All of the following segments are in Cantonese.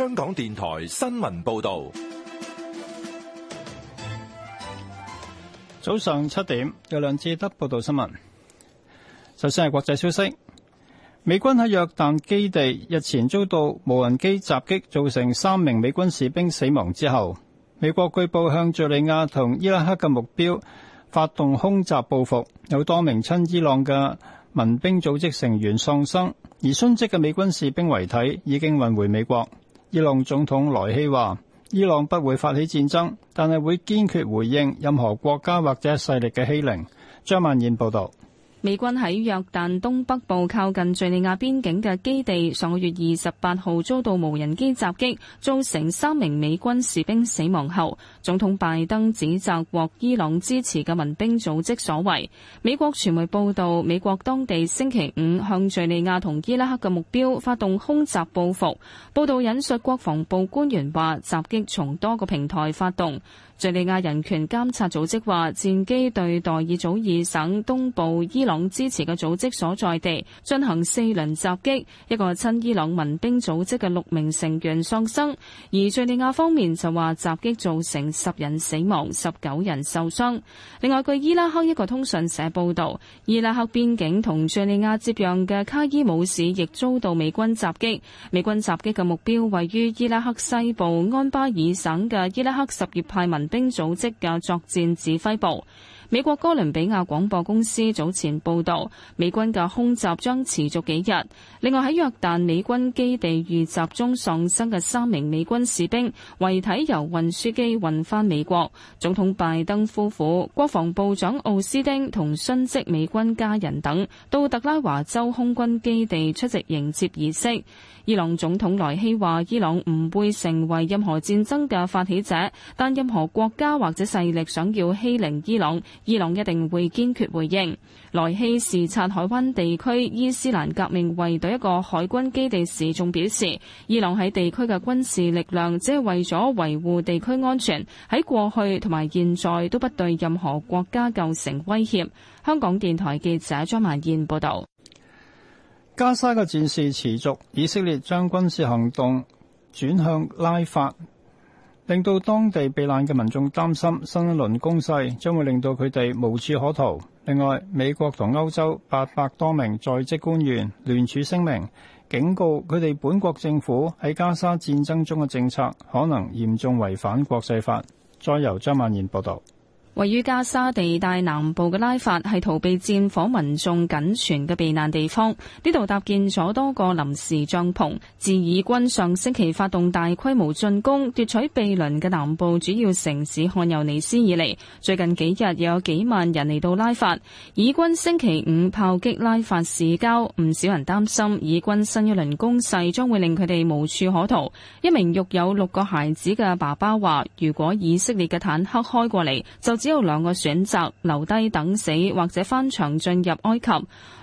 香港電台新聞報道，早上七點有梁志德報道新聞。首先係國際消息，美軍喺約旦基地日前遭到無人機襲擊，造成三名美軍士兵死亡之後，美國據報向敘利亞同伊拉克嘅目標發動空襲報復，有多名親伊朗嘅民兵組織成員喪生，而殉職嘅美軍士兵遺體已經運回美國。伊朗總統萊希話：伊朗不會發起戰爭，但係會堅決回應任何國家或者勢力嘅欺凌。張曼燕報導。美軍喺約旦東北部靠近敍利亞邊境嘅基地，上個月二十八號遭到無人機襲擊，造成三名美軍士兵死亡後，總統拜登指責獲伊朗支持嘅民兵組織所為。美國傳媒報道，美國當地星期五向敍利亞同伊拉克嘅目標發動空襲報復。報道引述國防部官員話，襲擊從多個平台發動。敍利亞人權監察組織話，戰機對代爾祖爾省東部伊朗支持嘅組織所在地進行四輪襲擊，一個親伊朗民兵組織嘅六名成員喪生。而敍利亞方面就話襲擊造成十人死亡，十九人受傷。另外，據伊拉克一個通訊社報導，伊拉克邊境同敘利亞接壤嘅卡伊姆市亦遭到美軍襲擊。美軍襲擊嘅目標位於伊拉克西部安巴爾省嘅伊拉克什葉派民兵組織嘅作戰指揮部。美國哥倫比亞廣播公司早前報導，美軍嘅空襲將持續幾日。另外喺約旦美軍基地遇襲中喪生嘅三名美軍士兵遺體由運輸機運翻美國。總統拜登夫婦、國防部長奧斯丁同殉職美軍家人等到特拉華州空軍基地出席迎接儀式。伊朗總統萊希話：伊朗唔會成為任何戰爭嘅發起者，但任何國家或者勢力想要欺凌伊朗。伊朗一定會堅決回應。萊希視察海灣地區伊斯蘭革命衛隊一個海軍基地時，仲表示，伊朗喺地區嘅軍事力量只係為咗維護地區安全，喺過去同埋現在都不對任何國家構成威脅。香港電台記者張曼燕報導。加沙嘅戰事持續，以色列將軍事行動轉向拉法。令到當地避難嘅民眾擔心新一輪攻勢將會令到佢哋無處可逃。另外，美國同歐洲八百多名在職官員聯署聲明，警告佢哋本國政府喺加沙戰爭中嘅政策可能嚴重違反國際法。再由張曼燕報導。位於加沙地帶南部嘅拉法係逃避戰火民眾僅存嘅避難地方，呢度搭建咗多個臨時帳篷。自以軍上星期發動大規模進攻，奪取秘倫嘅南部主要城市漢尤尼斯以嚟，最近幾日又有幾萬人嚟到拉法。以軍星期五炮擊拉法市郊，唔少人擔心以軍新一輪攻勢將會令佢哋無處可逃。一名育有六個孩子嘅爸爸話：如果以色列嘅坦克開過嚟，就只都有兩個選擇：留低等死，或者翻牆進入埃及。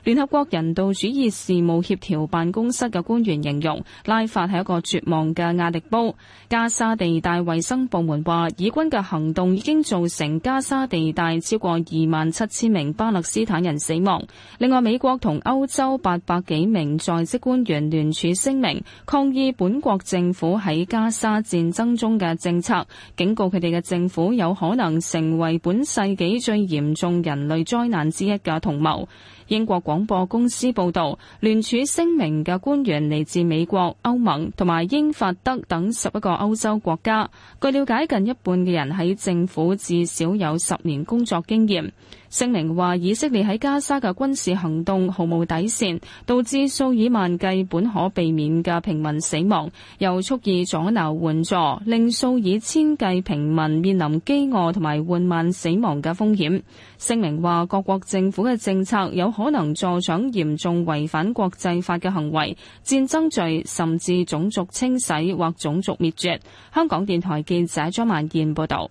聯合國人道主義事務協調辦公室嘅官員形容，拉法係一個絕望嘅壓力煲。加沙地帶衛生部門話，以軍嘅行動已經造成加沙地帶超過二萬七千名巴勒斯坦人死亡。另外，美國同歐洲八百幾名在職官員聯署聲明，抗議本國政府喺加沙戰爭中嘅政策，警告佢哋嘅政府有可能成為本世紀最嚴重人類災難之一嘅同謀。英國廣播公司報導，聯署聲明嘅官員嚟自美國、歐盟同埋英法德等十一個歐洲國家。據了解，近一半嘅人喺政府至少有十年工作經驗。聲明話，以色列喺加沙嘅軍事行動毫無底線，導致數以萬計本可避免嘅平民死亡，又蓄意阻撓援助，令數以千計平民面臨飢餓同埋緩慢死亡嘅風險。聲明話，各國政府嘅政策有可能助長嚴重違反國際法嘅行為、戰爭罪，甚至種族清洗或種族滅絕，香港電台記者張萬燕報道。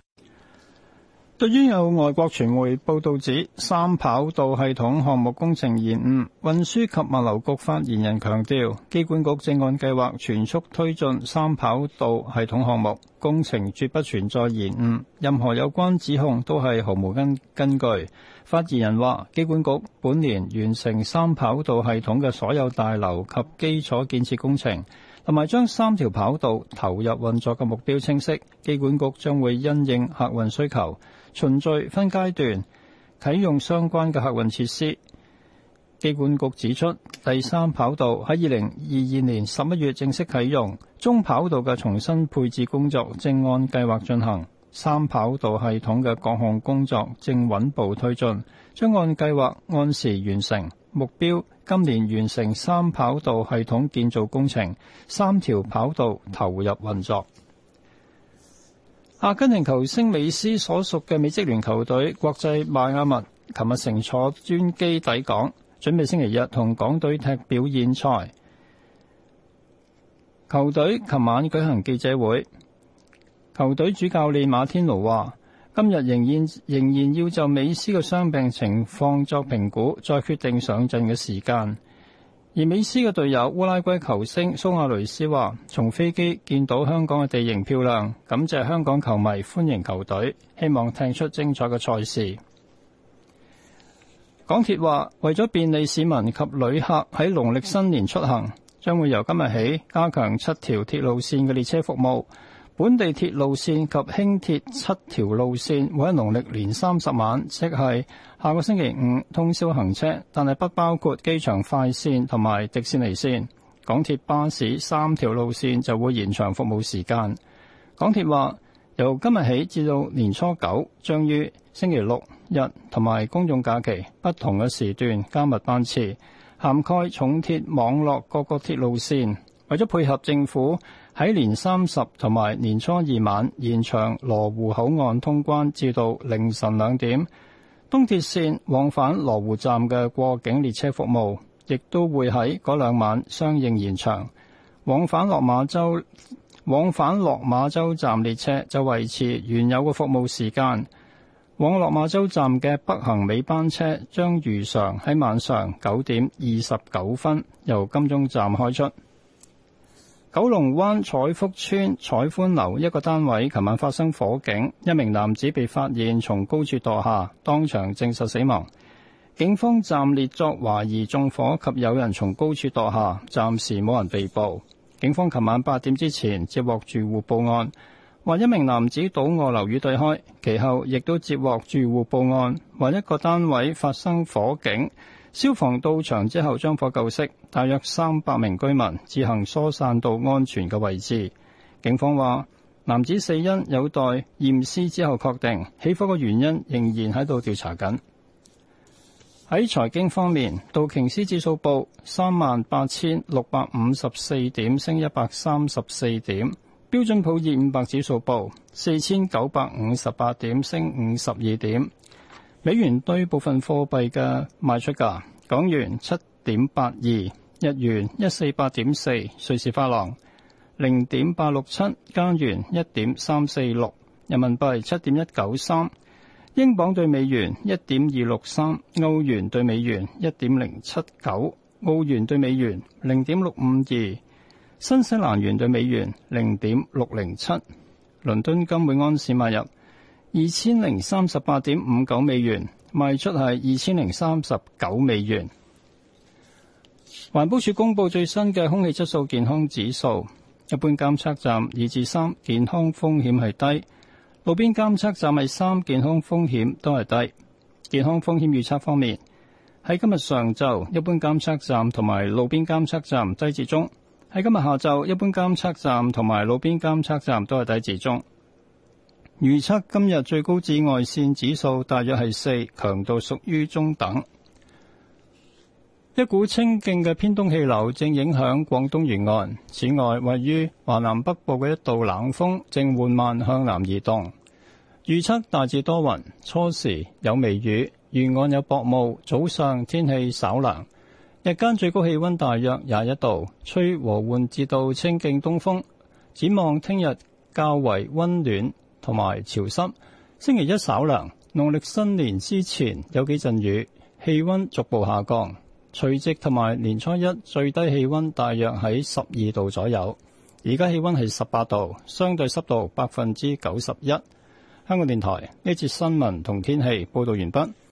對於有外國傳媒報道指三跑道系統項目工程延誤，運輸及物流局發言人強調，機管局正按計劃全速推進三跑道系統項目工程，絕不存在延誤。任何有關指控都係毫無根根據。發言人話，機管局本年完成三跑道系統嘅所有大樓及基礎建設工程，同埋將三條跑道投入運作嘅目標清晰。機管局將會因應客運需求，循序分階段啟用相關嘅客運設施。機管局指出，第三跑道喺二零二二年十一月正式啟用，中跑道嘅重新配置工作正按計劃進行，三跑道系統嘅各項工作正穩步推進，將按計劃按時完成目標。今年完成三跑道系統建造工程，三條跑道投入運作。阿根廷球星美斯所屬嘅美職聯球隊國際邁阿密，琴日乘坐專機抵港，準備星期日同港隊踢表演賽。球隊琴晚舉行記者會，球隊主教練馬天奴話，今日仍然仍然要就美斯嘅傷病情況作評估，再決定上陣嘅時間。而美斯嘅隊友烏拉圭球星蘇亞雷斯話：從飛機見到香港嘅地形漂亮，感謝香港球迷，歡迎球隊，希望踢出精彩嘅賽事。港鐵話：為咗便利市民及旅客喺農曆新年出行，將會由今日起加強七條鐵路線嘅列車服務。本地鐵路線及輕鐵七條路線會喺農曆年三十晚，即係下個星期五通宵行車，但係不包括機場快線同埋迪士尼線。港鐵巴士三條路線就會延長服務時間。港鐵話，由今日起至到年初九，將於星期六日同埋公眾假期不同嘅時段加密班次，涵蓋重鐵網絡各個鐵路線。為咗配合政府喺年三十同埋年初二晚延長羅湖口岸通關至到凌晨兩點，東鐵綫往返羅湖站嘅過境列車服務亦都會喺嗰兩晚相應延長。往返落馬洲往返落馬洲站列車就維持原有嘅服務時間。往落馬洲站嘅北行尾班車將如常喺晚上九點二十九分由金鐘站開出。九龍灣彩福邨彩歡樓一個單位，琴晚發生火警，一名男子被發現從高處墮下，當場證實死亡。警方暫列作懷疑縱火及有人從高處墮下，暫時冇人被捕。警方琴晚八點之前接獲住戶報案，話一名男子倒臥樓宇對開，其後亦都接獲住戶報案，話一個單位發生火警。消防到場之後將火救熄，大約三百名居民自行疏散到安全嘅位置。警方話，男子死因有待驗屍之後確定，起火嘅原因仍然喺度調查緊。喺財經方面，道瓊斯指數報三萬八千六百五十四點，升一百三十四點；標準普爾五百指數報四千九百五十八點，升五十二點。美元對部分貨幣嘅賣出價，港元七點八二，日元一四八點四，瑞士法郎零點八六七，7，加元一點三四六，人民幣七點一九三，英鎊對美元一點二六三，歐元對美元一點零七九，澳元對美元零點六五二，新西蘭元對美元零點六零七，倫敦金每安士賣入。二千零三十八點五九美元，賣出係二千零三十九美元。環保署公布最新嘅空氣質素健康指數，一般監測站二至三，健康風險係低；路邊監測站係三，健康風險都係低。健康風險預測方面，喺今日上晝，一般監測站同埋路邊監測站低至中；喺今日下晝，一般監測站同埋路邊監測站都係低至中。預測今日最高紫外線指數大約係四，強度屬於中等。一股清勁嘅偏東氣流正影響廣東沿岸。此外，位於華南北部嘅一道冷鋒，正緩慢向南移動。預測大致多雲，初時有微雨，沿岸有薄霧。早上天氣稍涼，日間最高氣溫大約廿一度，吹和緩至到清勁東風。展望聽日較為溫暖，同埋潮濕，星期一稍涼。農曆新年之前有幾陣雨，氣温逐步下降。除夕同埋年初一最低氣温大約喺十二度左右。而家氣温係十八度，相對濕度百分之九十一。香港電台呢節新聞同天氣報道完畢。